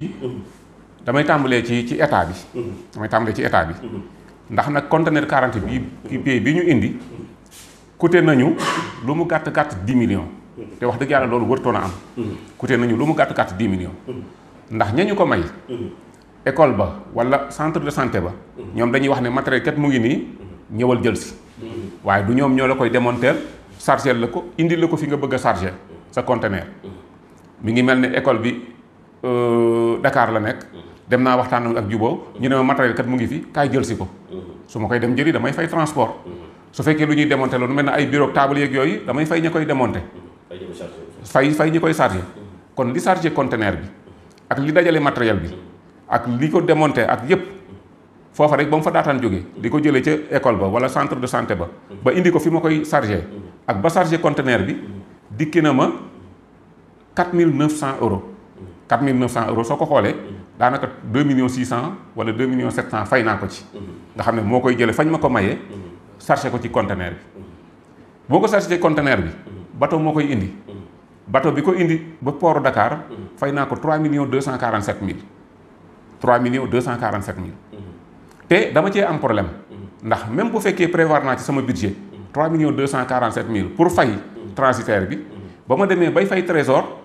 Mmh. damay tàmbalee ci ci état bi. Mmh. damay ci état bi. Mmh. ndax nag conteneur 40 bi kii bi ñu indi. coûté nañu lu mu gàtt gàtt 10 millions. te wax dëgg yàlla loolu wërtoon a am. coûté nañu lu mu gàtt gàtt 10 millions. ndax ñañu ko may. école ba wala centre de santé ba. ñoom dañuy wax ne matériel kat mu ngi nii. ñëwal jël si. waaye du ñoom ñoo la koy démonter chargé la ko indi la ko fi nga bëgg a chargé sa conteneur. mi ngi mel ne école bi. Euh, Dakar la nekk mm-hmm. dem naa waxtaan ak juboo mm-hmm. ñu ne ma matériel kat mu ngi fi kaay jël si ko mm-hmm. su ma koy dem jëli damay fay transport su fekkee lu ñuy démonté loolu mel na ay bureau table yeeg yooyu damay fay ña koy démonté fay fay ñi koy chargé kon li chargé conteneur bi ak li dajale matériel bi ak li ko démonté ak yépp foofa rek ba mu fa daataan jóge di ko jëlee ca école ba wala centre de santé ba ba indi ko fi ma koy chargé ak ba chargé conteneur bi dikki na ma 4900 euros quatre mille neuf cent euros soo ko xoolee daanaka deux millions six cent wala deux millions sept cent fay naa ko ci mhm. nga xam ne moo koy jële fañ ma ko mayee sarché mhm. ko ci conteneur bi boo ko chargé ci conteneur bi mhm. bato moo koy indi bato bi ko indi ba port Dakar fay naa ko trois millions deux cent quarante sept mille trois millions deux cent quarante sept mille te dama cee am problème ndax même bu fekkee prévoir naa ci sama budget trois millions deux cent quarante sept mille pour fay transitaire bi ba ma demee bay fay trésor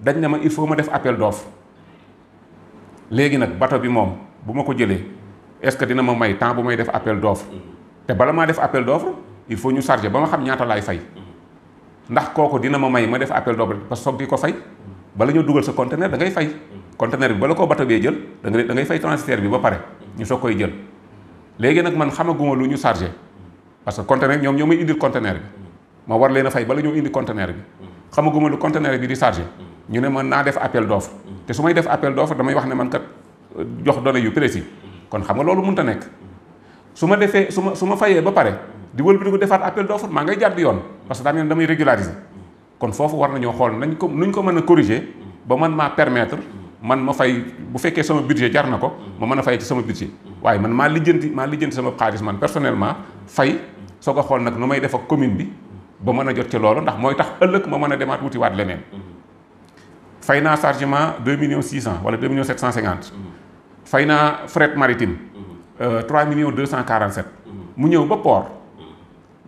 dañ ne ma il faut ma def appel d'offre léegi nag bato bi moom bu ma ko jëlee est-ce que dina ma may temps bu may def appel doof mm-hmm. te bala maa def appel d'offre il faut ñu chargé ba ma xam ñaata laay fay mm-hmm. ndax kooku dina ma may ma def appel d'offre parce que soog di ko fay mm-hmm. bala ñoo dugal sa conteneur da fay conteneur bi bala koo bato bee jël da da ngay fay transitaire bi ba pare ñu soog koy jël léegi nag man xamaguma lu ñu chargé parce que conteneur ñoom ñoo may indil conteneur bi war leen a fay bala ñoo indi conteneur bi xamaguma lu conteneur bi di chargé ñu ne man naa def appel d'offre te su may def appel d'offre damay wax ne man kat euh, jox données yu précis kon xam nga loolu mun mënta nekk su ma defee su ma su ma fayee ba pare di wëlbati ko defaat appel d'offre maa ngay jàdd yoon parce que daa damay régulariser kon foofu war nañoo xool nañ ko nuñ ko mën a corriger ba man maa permettre man ma fay bu fekkee sama budget jar na ko ma mën a fay ci sama budget waaye man maa lijjanti maa lijjanti sama xaalis man personnellement fay soo ko xool nag nu may def ak commune bi ba mën a jot ci ndax mooy tax ëllëg ma mën a demaat wuti leneen fay naa chargement deux millions six cent wala deux millions sept fay naa fret maritime euh, trois millions deux cent quarante sept mu ñëw ba port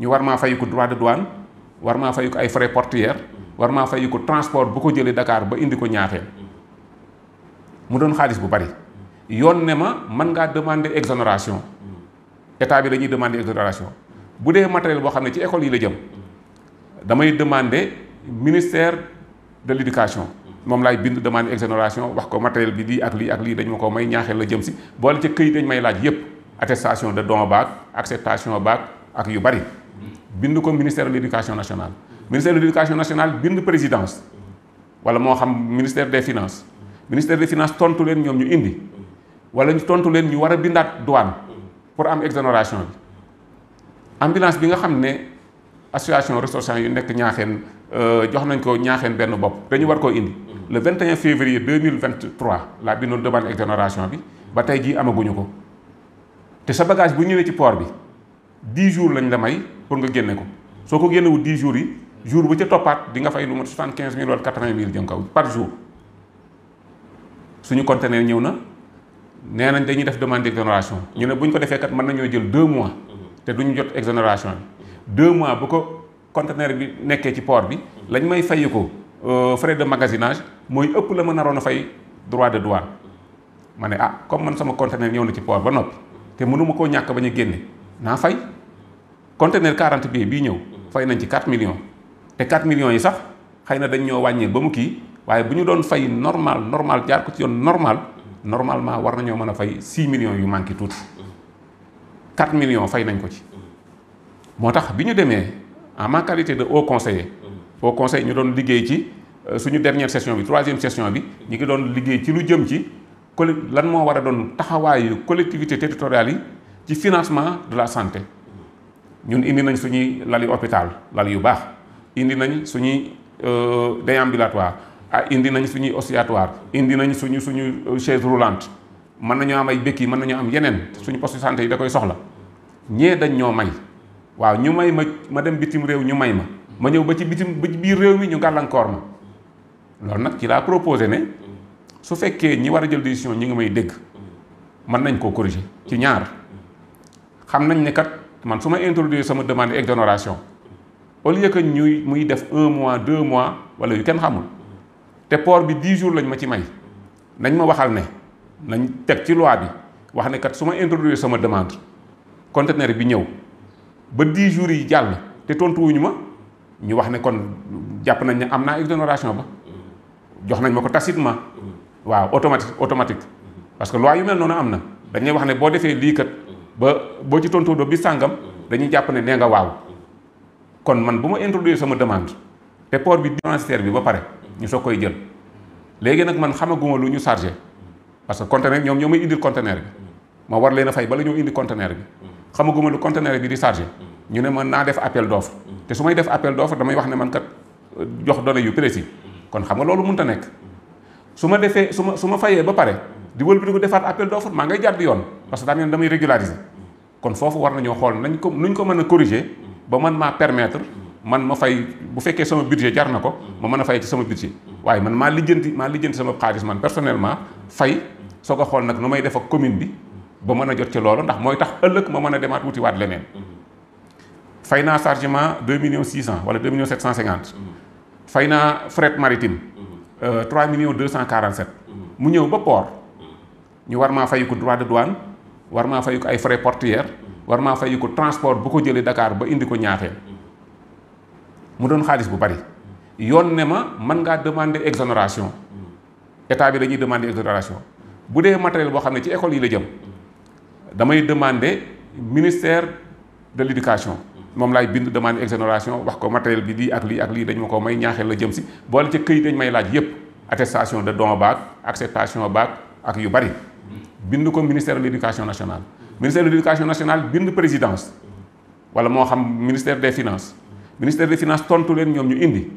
ñu war maa fay ko droit de douane war maa fay ko ay frais portuaire war maa fay ko transport bu ko jëlee Dakar ba indi ko ñaateel mu doon xaalis bu bari yoon ne ma man ngaa demander exonération état bi dañuy demander exonération bu dee matériel boo xam ne ci école yi la jëm damay demander ministère de l'éducation moom laay bind demande exonération wax ko matériel bi lii ak lii ak lii dañ ma ko may ñaaxeel la jëm si boole ca këyit dañ may laaj yépp attestation de don baag acceptation baag ak yu bari bind ko ministère de l' nationale ministère de l' nationale bind présidence wala moo xam ministère des finances ministère des finance tontu leen ñoom ñu indi wala ñu tontu leen ñu war a bindaat douane pour am exonération bi ambulance bi nga xam ne association ressortissants yu nekk ñaaxeen euh, jox nañ ko ñaaxeen benn bopp te ñu war koo indi le vingt février 2023 laa bindoon demande exonération bi ba tey jii amaguñu ko te sa bagage bu ñëwee ci port bi 10 jours lañ la may pour nga génne ko soo ko génnewul 10 jours yi jour bu ca toppaat di nga fay lu mat 75000 wala 80000 jëm kaw par jour suñu conteneur ñëw na nee nañ dañuy def demande exonération ñu ne bu ñu ko defee kat mën nañoo jël deux mois te duñu jot exonération bi 2 mois bu ko conteneur bi nekkee ci port bi lañ may fay ko. Euh, frais de magasinage mooy ëpp la ma naroon a fay droit de douane ma ne ah comme man sama conteneur ñëw na ci port ba noppi te mënuma koo ñàkk ba ñu génne naa fay conteneur 40 bi bii ñëw fay nañ ci 4 million te 4 millions yi sax xëy na dañ ñoo wàññee ba mu kii waaye bu ñu doon fay normal normal jaar ko ci yoon normal normalement war nañoo mën a fay 6 millions yu manqué tuuti 4 million fay nañ ko ci moo tax bi ñu demee en ma de Euh, suñu dernière session bi troisième session bi ñu ngi doon liggéey ci lu jëm ci colli lan moo war a doon taxawaayu collectivité territoriale yi ci financement de la santé ñun indi nañ suñuy lali hôpital lal yu baax indi nañ suñuy euh, déambulatoire ah indi nañ suñuy oscillatoire indi nañ suñu suñu euh, chaise roulante mën nañoo am ay békki mën nañu am yeneen suñu poste santé yi da koy soxla ñee dañ ñoo may waaw ñu may ma ma dem bitim réew ñu may ma ma ñëw ba ci bitim ba ci réew mi ñu gàllankoor ma loolu nag ci laa proposé ne su fekkee ñi war a jël décision ñi ngi may dégg man nañ koo corriger ci ñaar xam nañ ne kat man su ma introduire sama demande exonération au lieu ñuy muy def un mois deux mois wala yu kenn xamul te port bi dix jours lañ ma ci may nañ ma waxal ne nañ teg ci loi bi wax ne kat su ma introduire sama demande conteneur bi ñëw ba dix jours yi jàll te tontuwuñu ma ñu wax ne kon jàpp nañ ne am naa exonération ba. jox nañ ma ko tacitement mm-hmm. waaw automatique automatique mm-hmm. parce que loi yu mel noonu am na dañuy wax ne boo defee lii mm-hmm. ba boo ci tontoo do bi sàngam dañuy jàpp ne nee nga waaw kon man bu ma introduire sama demande te port bi transitaire bi ba pare ñu soo koy jël léegi nag man xamaguma lu ñu chargé parce que conteneur ñoom ñoo may indil conteneur bi ma war leen a fay bala ñoo indi conteneur bi xamaguma lu conteneur bi di chargé ñu ne man naa def appel d'offre te su def appel d'offre damay wax ne man jox données yu précis kon xam nga loolu mun ta nekk su ma defee su ma su ma fayee ba pare di wëlbati ko defaat appel d'offre maa ngay jàdd yoon parce que daa mel damay régulariser kon foofu war nañoo xool nañ ko nuñ ko mën a corriger ba man maa permettre man ma fay bu fekkee sama budget jar na ko ma mën a fay ci sama budget waaye man maa lijjanti maa lijjanti sama xaalis man personnellement fay soo ko xool nag nu may def commune bi ba mën a jot ci loolu ndax mooy tax ëllëg ma mën a demaat wuti waat leneen fay naa chargement deux wala deux millions sept fay naa fret maritime. 3 mhm. euh, millions 247. Mhm. mu ñëw ba port. Mhm. ñu war maa fay ko droit de douane war maa fay ko ay frais portière war maa fay ko transport bu ko jëlee Dakar ba indi ko ñaateel. mu doon xaalis bu bari. yoon ne ma mën ngaa demander exonération. état bi dañuy demander exonération. bu dee matériel boo xam ne ci école yi la jëm. damay demande ministère de l'éducation. moom laay bind demande exonération wax ko matériel bi lii ak lii ak lii dañ ma ko may ñaaxeel la jëm si boole ca këyit dañ may laaj yépp attestation de don baag acceptation baag ak yu bari bind ko ministère de l' nationale ministère de l' éducation nationale bind présidence wala moo xam ministère de finance ministère de finances tontu leen ñoom ñu indi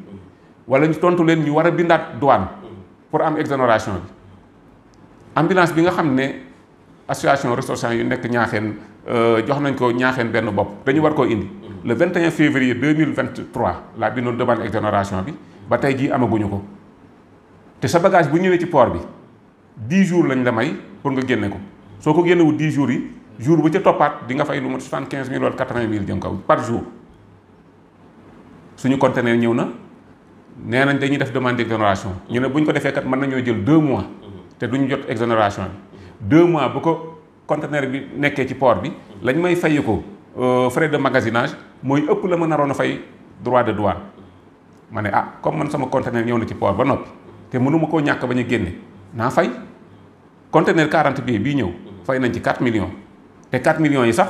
wala ñu tontu leen ñu war a bindaat douane pour am exonération bi ambulance bi nga xam ne association ressources yu nekk ñaaxeen Euh, jox nañ ko ñaaxeen benn bopp dañu war koo indi le 21 février 2023 laa bindoon demande exonération bi ba tey jii amaguñu ko te sa bagage bu ñëwee ci port bi 10 jours lañ la may pour nga génne ko soo ko génnewul 10 jours yi jour bu ca toppaat di nga fay lu mat 75 mille wala 80 mille jëm kaw par jour suñu conteneur ñëw na nee nañ dañuy def demande exonération ñu ne bu ñu ko defee kat mën nañoo jël 2 mois te duñu jot exonération conteneur bi nekkee ci port bi lañ may fay ko euh, frais de magasinage mooy ëpp la ma naroon a fay droit de douane ma ne ah comme man sama conteneur ñëw na ci port ba noppi te mënuma koo ñàkk ba ñu génne naa fay conteneur 40 pieds bii ñëw fay nañ ci 4 million te 4 millions yi sax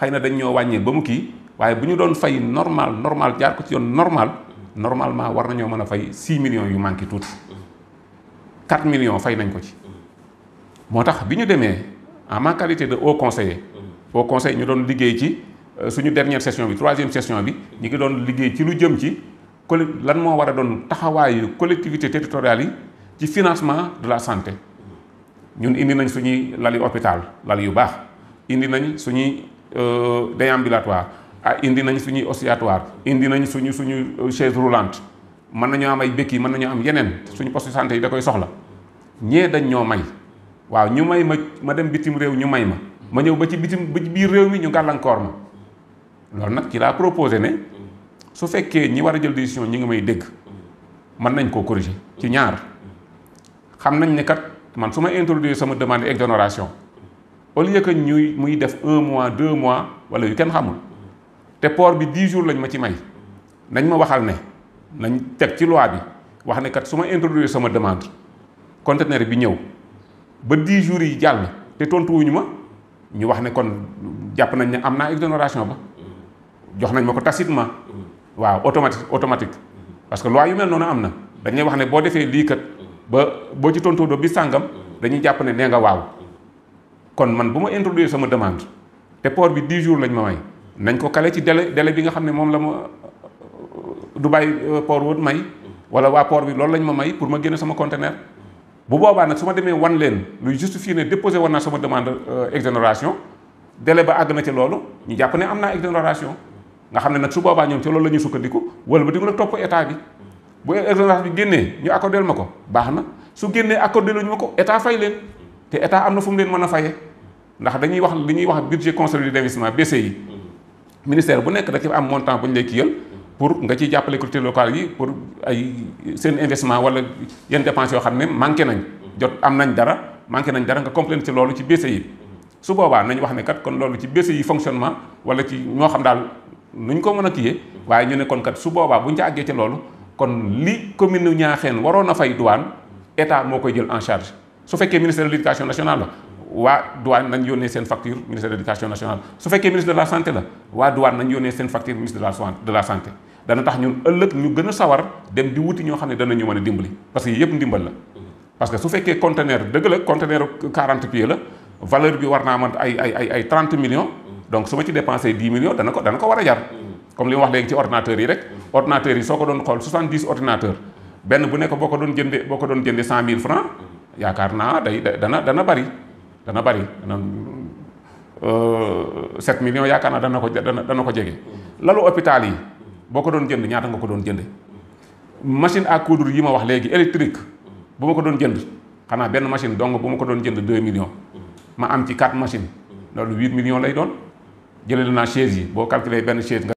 xëy na dañ ñoo wàññeel ba mu kii waaye bu ñu doon fay normal normal jaar ko ci yoon normal normalement war nañoo mën a fay 6 millions yu manqué tuuti 4 million fay nañ ko ci tax bi demee. en ma qualité de haut conseiller mm-hmm. haut conseil ñu doon liggéey ci euh, suñu dernière session bi troisième session bi ñu ngi doon liggéey ci lu jëm ci colli lan moo war a doon taxawaayu collectivité territoriale yi ci financement de la santé mm-hmm. ñun indi nañ suñuy lali hôpital lal yu baax indi nañ suñuy euh, déambulatoire ah indi nañ suñuy oscillatoire indi nañ suñu suñu euh, chaise roulante mën nañoo am ay békki mën nañu am yeneen suñu poste santé yi da koy soxla ñee dañ ñoo may waaw ñu may ma ma dem bitim réew ñu may ma ma ñëw ba ci bitim ba ci biir réew mi ñu gàllankoor ma loolu nag ci laa proposé ne su fekkee ñi war a jël décision ñu ngi may dégg man nañ koo corriger ci ñaar xam nañ ne kat man su ma introduire sama demande exonération au lieu que ñuy muy def un mois deux mois wala yu kenn xamul te port bi dix jours lañ ma ci may nañ ma waxal ne nañ teg ci loi bi wax ne kat su ma introduire sama demande conteneur bi ñëw ba 10 jours yi jàll te tontuwuñu ma ñu wax ne kon jàpp nañ ne am naa exonération ba jox nañ ma ko tacitement waaw automatique automatique parce que loi yu mel noonu am na dañuy wax ne boo defee lii kat ba boo ci tontoo do bi sàngam dañuy jàpp ne nee nga waaw kon man bu ma introduire sama demande te port bi 10 jours lañ ma may nañ ko kale ci délai délai bi nga xam ne moom la ma du euh, Dubaï euh, port woon may wala waa port bi loolu lañ ma may pour ma génne sama conteneur bu boobaa nag su ma demee wan leen lu justifier ne déposé woon naa sama demande euh, exonération délai ba àgg na ci loolu ñu jàpp ne am naa exonération nga xam ne nag su boobaa ñoom ci loolu la ñuy sukkandiku wala ba di nga topp état bi bu exonération bi génnee ñu accordé ma ko baax na su génnee accordé luñu ma ko état fay leen te état am na fu mu leen mën a fayee ndax dañuy wax li ñuy wax budget consolidé d'investissement BCI mm-hmm. ministère bu nekk da ci am montant bu ñu lay kiyal pour nga ci jàppale collectivités locale yi pour ay seen investissement wala yenn dépenses yoo xam ne manqué nañ jot am nañ dara manqué nañ dara nga complété ci loolu ci BCI yi su boobaa nañ wax ne kat kon loolu ci BCI yi fonctionnement wala ci ñoo xam daal nuñ ko mën a kiyee waaye ñu ne kon kat su boobaa bu ñu ca àggee ci loolu kon li commune Niakhène waroon a fay douane état moo koy jël en charge su fekkee ministère de l'éducation nationale la waa douane nañ yónnee seen facture ministère de l'éducation nationale su fekkee ministre de la santé la waa douane nañ yónnee seen facture ministre de la santé dana tax ñun ëllëg ñu gën sawar dem di wuti ñoo xam ne dana danañu mën a dimbali parce que yëpp ndimbal la parce que su fekkee conteneur dëgg la conteneur 40 pieds la valeur bi war naa man ay ay ay ay 30 millions donc su ma ci dépensé 10 millions dana ko dana ko war a jar comme li mu wax léegi ci ordinateur yi rek ordinateurs yi soo ko doon xool 70 ordinateur benn bu nekk boo ko doon jëndee boo ko doon jëndee 100000 francs yaakaar naa day dana dana bari dana bari uh, set 7 millions yaakaar naa dana ko dana ko jege. lalu hôpital yi boo ko doon jënd ñaata nga ko doon jënd machine à coudre yi ma wax léegi électrique bu ma ko doon jënd xanaa benn machine donc bu ma ko doon jënd 2 millions ma am ci 4 machines loolu 8 millions lay doon jëlee naa chaise yi boo calculer benn chaise nga.